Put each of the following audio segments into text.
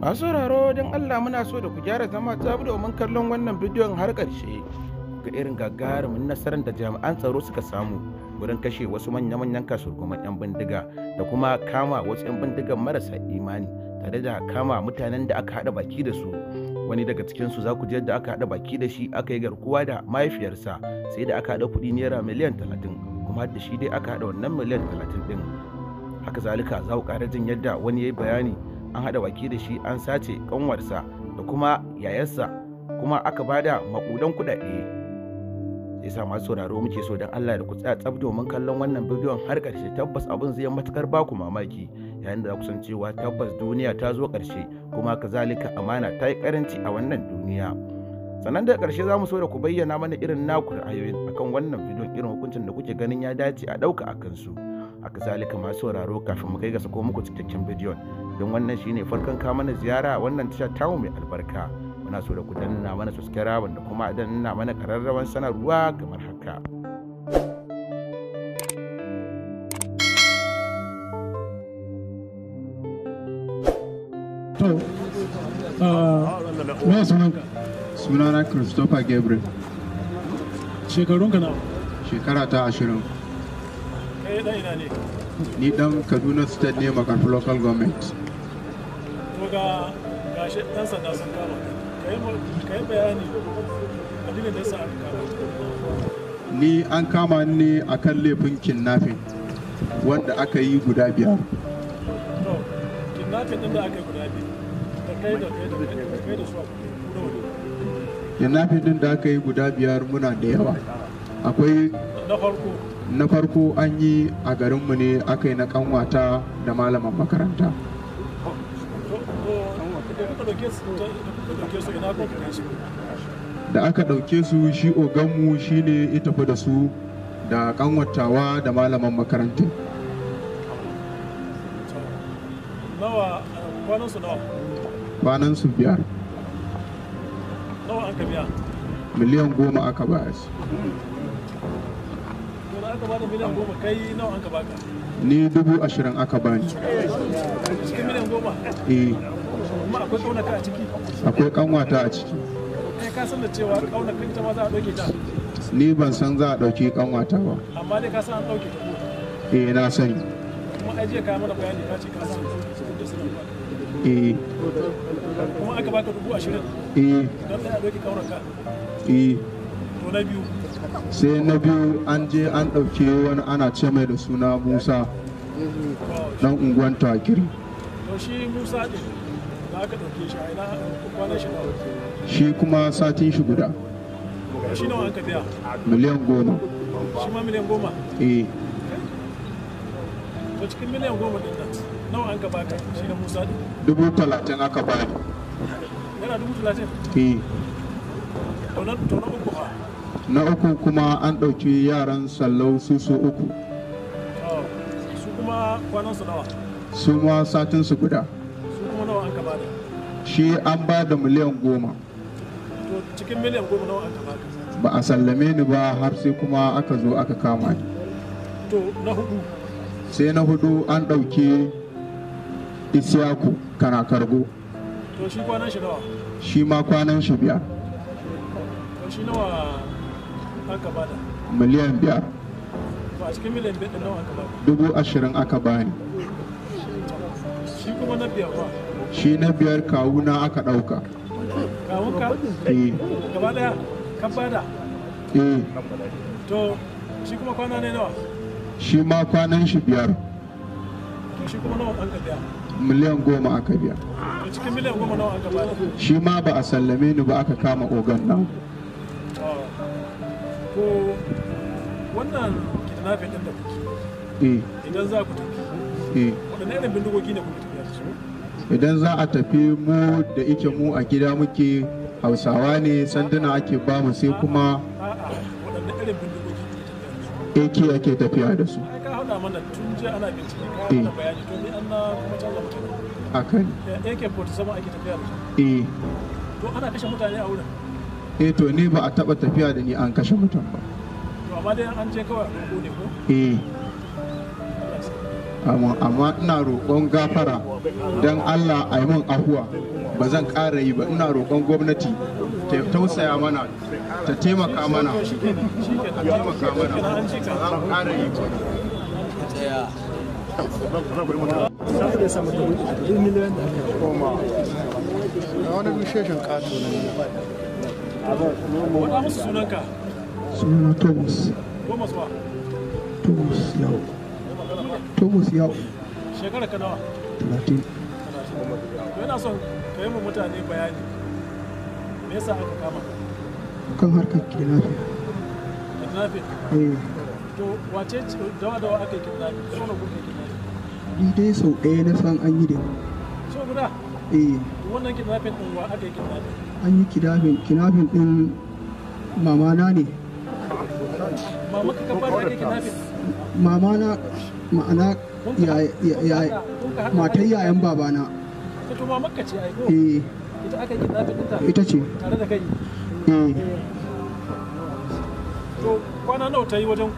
masu sauraro don allah muna so da ku gyara zama ta domin kallon wannan bidiyon har ƙarshe ga irin gagarumin nasarar da jami'an tsaro suka samu wurin kashe wasu manya-manyan kasurguman 'yan bindiga da kuma kama wasu 'yan bindigan marasa imani tare da kama mutanen da aka haɗa baki da su wani daga cikinsu za ku ji yadda aka haɗa baki da shi aka yi garkuwa da mahaifiyarsa sai da aka haɗa kuɗi naira miliyan talatin kuma da shi dai aka haɗa wannan miliyan talatin ɗin haka zalika za ku ƙara jin yadda wani ya yi bayani an haɗa waki da shi an sace kanwarsa da kuma yayarsa kuma aka ba da maƙudan kuɗaɗe sai sa masu sauraro muke so don Allah da ku tsaya tsab domin kallon wannan bidiyon har ƙarshe tabbas abin zai matukar baku mamaki yayin da za ku san cewa tabbas duniya ta zo ƙarshe kuma kazalika amana ta yi ƙaranci a wannan duniya sannan da ƙarshe za mu so da ku bayyana mana irin naku ra'ayoyin akan wannan bidiyon irin hukuncin da kuke ganin ya dace a ɗauka a kansu. a kazalika masu sauraro kafin mu kai ga sako muku cikakken bidiyon don wannan shine farkon kama na ziyara wannan tasha mu mai albarka muna so da ku danna mana subscribe da kuma danna mana kararrawan sanarwa kamar haka to uh, me sunana christopher gabriel shekarunka nawa shekara ta ashirin ni dan kaduna state ne makar local government ga gashi dan sanda sun kama kai bayani abin da sa ni an kama akan laifin kidnapping wanda aka yi guda biyar to kidnapping din da aka yi guda biyar da kai da kai da kai da su kidnapping din da aka yi guda biyar muna da yawa akwai na farko na farko an yi a garinmu ne aka yi na kanwata da malaman makaranta da aka ɗauke su shi oganmu shi ne ita fi da su da kanwatawa da malaman makaranta kwanansu biyar miliyan goma aka ba su aka bada miliyan ni dubu ashirin aka bani cikin eh. akwai kaunaka a ciki kanwata a ciki kai ka san za a dauke ni ban san za a kanwata ba amma dai ka an dauke ta eh, na sani kuma aje ka mana bayani ka ce ka eh. kuma aka baka dubu ashirin don da kaunaka eh to na biyu sai na biyu an je an ɗauke wani ana ce mai da suna musa dan unguwan takiri shi kuma satin shi guda miliyan goma shi ma miliyan goma eh to cikin miliyan goma din nan nawa an ka baka shi na musa din dubu talatin aka bani yana dubu talatin eh to na uku ha na uku kuma an ɗauki yaran sallau su su uku su ma satin su guda Su kuma nawa an shi an ba da miliyan goma ba a sallame ni ba har sai kuma aka zo aka kama ni sai na hudu an ɗauki isyaku kana kargo shi ma kwanan shi biyar shi nawa miliyan biyar dubu ashirin aka bani shi na biyar kawuna aka ɗauka kawunka? eh gaba daya eh. shi kuma kwana ma kwanan shi biyar miliyan goma aka biya shi ma ba a sallame ni ba aka kama ogan nan to wannan din da kuke eh. idan za ku tafi eh. waɗanne irin bindigogi ne kuke tafiya su idan za a tafi mu da ike mu a gida muke hausawa ne sanduna ake ba mu sai kuma waɗanne irin bindigogi ne ake tafiya da su ka haɗa mana tun je ana bincike ka eh. bayani to ni an kuma akan 47 ake tafiya da su kashe mutane a wurin eh to ba a taba tafiya da ni an kashe mutum ba eh. amma ina roƙon gafara don Allah a yi min ahuwa ba zan ƙara yi ba ina roƙon gwamnati ta tausaya mana ta taimaka mana ta taimaka mana ba zan ƙara yi ba Wata Thomas. Thomas ba? Thomas yawo. Shekara ka nawa? Yana son ka yi mu mutane bayani. Me yasa aka kama? Kan harkar kidnapping. Kidnapping? Eh. To wace dawa dawa aka yi kidnapping? Sau na kidnapping? Ni dai sau ɗaya na san an yi da. Sau guda? Eh. wannan kidnapping din wa aka yi kidnapping an yi kidnapping kidnapping din mama na ne mama ka kafa da yi kidnapping mama na ma'ana matar yayan baba na ita mama ka ce ai ko eh. ita aka yi kidnapping ita ce tare da kai eh. eh to kwana nawa ta yi wajen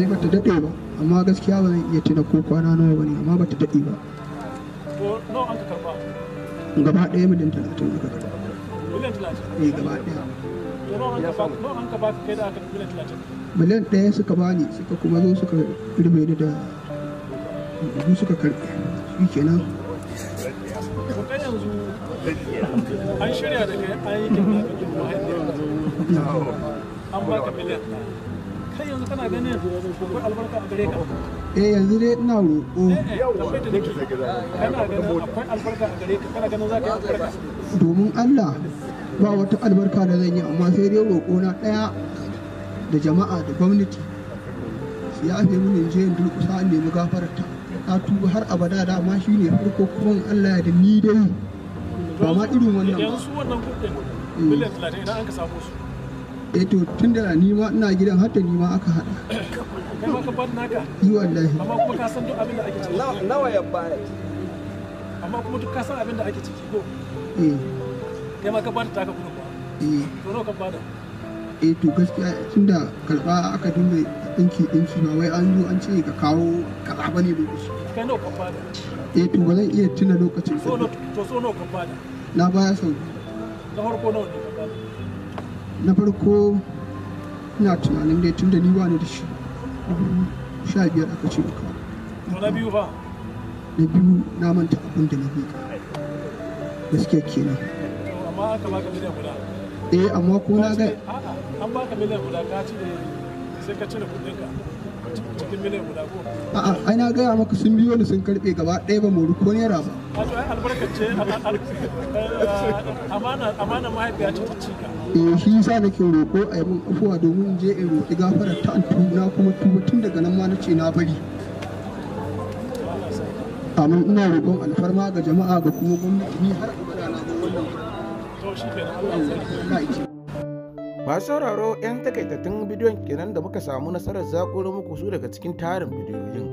eh bata dade ba amma gaskiya ba zan iya tuna ko kwana nawa ba ne amma bata dade ba gaba ɗaya miliyan talatin aka karba miliyan talatin eh gaba ɗaya miliyan ɗaya suka bani suka kuma zo suka rube da dubu suka karɓe shi kenan an shirya da kai an yi kin da mahaifiyar an miliyan yanzu eh yanzu dai ina roƙo eh, eh, domin Allah ba wata albarka da zan yi amma sai dai roƙo na ɗaya da jama'a da gwamnati su ya fi mun je in durƙusa an nemi gafararta na tuba har abada dama shi ne farko kuma Allah ya da ni dai ba ma irin wannan ba yanzu wannan kuɗin eh. miliyan eh to tun da ni ma ina gidan hatta ni ma aka haɗa kuma ka bar naka yi wallahi amma kuma ka san duk abin da ake ciki nawa ya baya amma kuma duk ka san abin da ake ciki ko eh kai ma ka bar ta ka kuma eh to nawa ka bada eh to gaskiya tunda karba aka dinga dinki dinki ba wai an zo an ce ka kawo kaza bane bai kusa kai nawa ka bada eh to ba zan iya tuna lokacin to so nawa ka bada na baya sau na farko nawa ne na farko ina tunanin dai tun da ni ba da shi sha biyar aka ce duka na biyu ba na biyu na manta abin da na biyu gaskiya kenan amma aka baka eh, amma ko na ga an baka miliyan guda ka ci da sai ka cire ka cikin miliyan guda ko a'a ai na gaya maka sun biyo ni sun karbe gaba ɗaya ba mu ko ba eh shi sa nake roƙo a yi min afuwa domin je in roƙi gafarar ta na kuma tuba tun daga nan ma nace na bari amma ina roƙon alfarma ga jama'a ga kuma gwamnati ni har abada na ga wannan masu sauraro 'yan takaitattun bidiyon kenan da muka samu nasarar zakuro muku su daga cikin tarin bidiyoyin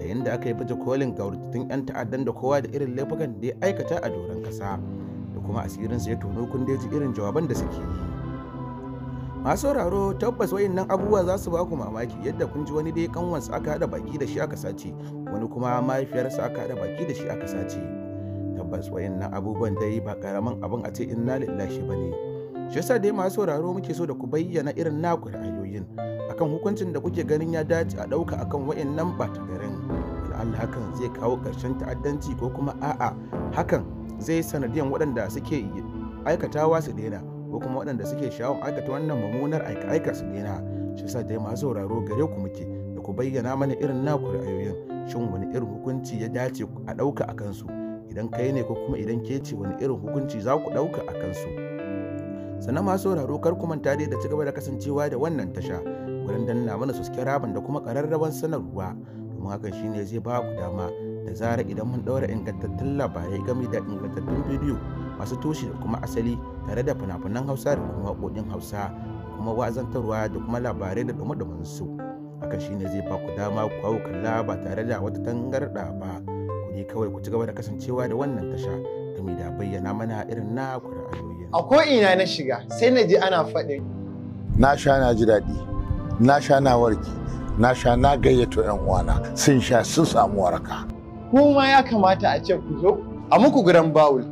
yayin da aka yi baje kolin gauratattun 'yan ta'addan da kowa da irin laifukan da ya aikata a doron kasa. da kuma asirinsu ya tono kun ji irin jawaban da suke yi masu sauraro tabbas wayannan abubuwa za su baku mamaki yadda kun ji wani dai kanwansa aka haɗa baki da shi aka sace wani kuma mahaifiyarsa aka haɗa baki da shi aka sace tabbas wayannan abubuwan dai ba karaman abin a ce inna lillahi bane shi yasa dai masu sauraro muke so da ku bayyana irin naku ra'ayoyin akan hukuncin da kuke ganin ya dace a ɗauka akan wayannan ba ta garin Allah hakan zai kawo ƙarshen ta'addanci ko kuma a'a hakan zai sanadiyan waɗanda suke aikatawa su daina ko kuma waɗanda suke shawon aikata wannan mummunar aika-aika su daina shi sa dai masu sauraro gare ku muke da ku bayyana mana irin naku ra'ayoyin shin wani irin hukunci ya dace a ɗauka a kansu idan kai ne ko kuma idan ke ce wani irin hukunci za ku ɗauka a kansu sannan masu sauraro kar ku manta dai da cigaba da kasancewa da wannan tasha wurin danna mana su suke rabin da kuma ƙararrawan sanarwa Kuma hakan shine zai ba ku dama da zarar idan mun ɗaura ingantattun labarai game da ingantattun bidiyo masu tushe da kuma asali tare da fina-finan hausa da kuma waƙoƙin hausa kuma wazantarwa da kuma labarai da dumi su hakan shine zai ba ku dama ku hau kalla ba tare da wata tangarɗa ba ku dai kawai ku ci gaba da kasancewa da wannan tasha game da bayyana mana irin na ku ra'ayoyin a ko ina na shiga sai na ji ana faɗin. na sha na ji daɗi na sha na warki na sha na gayyato 'yan uwana sun sha sun samu waraka kuma ya kamata a ce ku zo a muku gidan bawul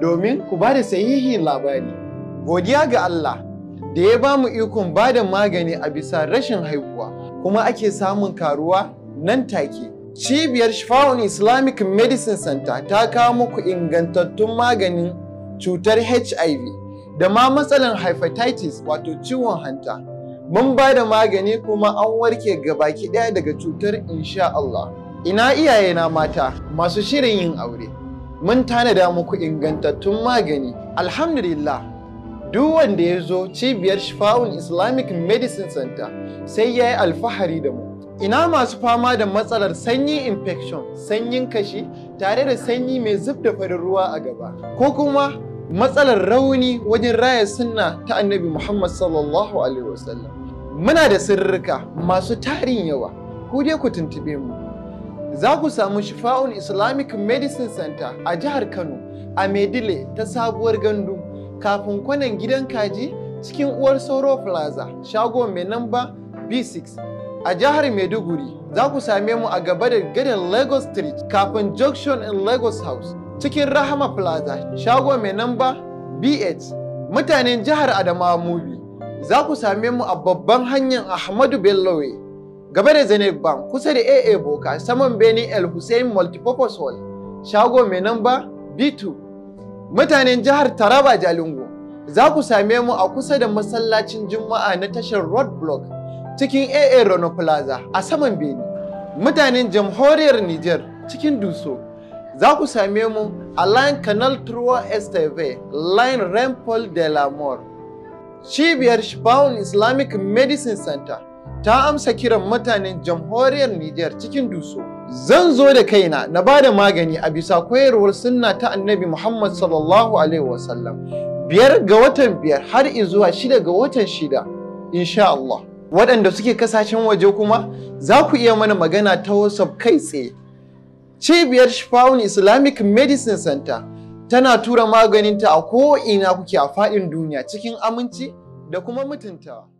domin ku ba da sahihin labari godiya ga Allah da ya ba mu ikon ba da magani a bisa rashin haihuwa kuma ake samun karuwa nan take cibiyar shifa'un islamic medicine center ta kawo muku ingantattun maganin cutar hiv da ma matsalar hepatitis wato ciwon hanta mun ba da magani kuma an warke gabaki ɗaya daga cutar insha Allah. Ina na mata masu shirin yin aure, mun tanada muku ingantattun magani, alhamdulillah. Duk wanda ya zo cibiyar Shifa'un Islamic Medicine Center sai ya yi alfahari da mu. Ina masu fama da matsalar sanyi infection, sanyin kashi tare da sanyi mai zub da farin ruwa a gaba, ko kuma matsalar rauni wajen raya sunna ta annabi Muhammad sallallahu Alaihi wasallam. Muna da sirrika masu tarin yawa, ku dai ku tuntube mu. Za ku samu Shifa'un Islamic Medicine Center a jihar Kano, a Medile ta sabuwar gandu, kafin kwanan gidan kaji cikin uwar Soro Plaza, shago mai namba B6. A jihar Maiduguri, za ku same mu a gaba da gadon Lagos Street kafin Junction in Lagos House, cikin Rahama Plaza, shago mai namba B8. Mutanen jihar Adamawa Movie. za ku same mu a babban hanyar Ahmadu Bello gaba da Zenith Bank kusa da AA Boka saman Benin El Hussein Multipurpose Hall shago mai namba B2 mutanen jihar Taraba Jalingo za ku same mu a kusa da masallacin Juma'a na tashar Road Block cikin AA Rono Plaza a saman Benin, mutanen jamhuriyar Niger cikin Duso za ku same mu a Line Canal Trois Esteve Line Rempol de la Mort Cibiyar Shifawan Islamic Medicine Center ta amsa kiran mutanen jamhuriyar Nijar cikin duso. Zan zo da kaina na ba da magani a bisa koyarwar sunna ta annabi Muhammad sallallahu Alaihi wasallam. Biyar ga watan biyar har zuwa shida ga watan shida, insha Allah. Waɗanda suke kasashen waje kuma za ku iya mana magana ta WhatsApp kai tsaye. Cibiyar Shifawun Islamic Medicine Center tana tura maganinta a ko'ina kuke a faɗin duniya cikin aminci da kuma mutuntawa.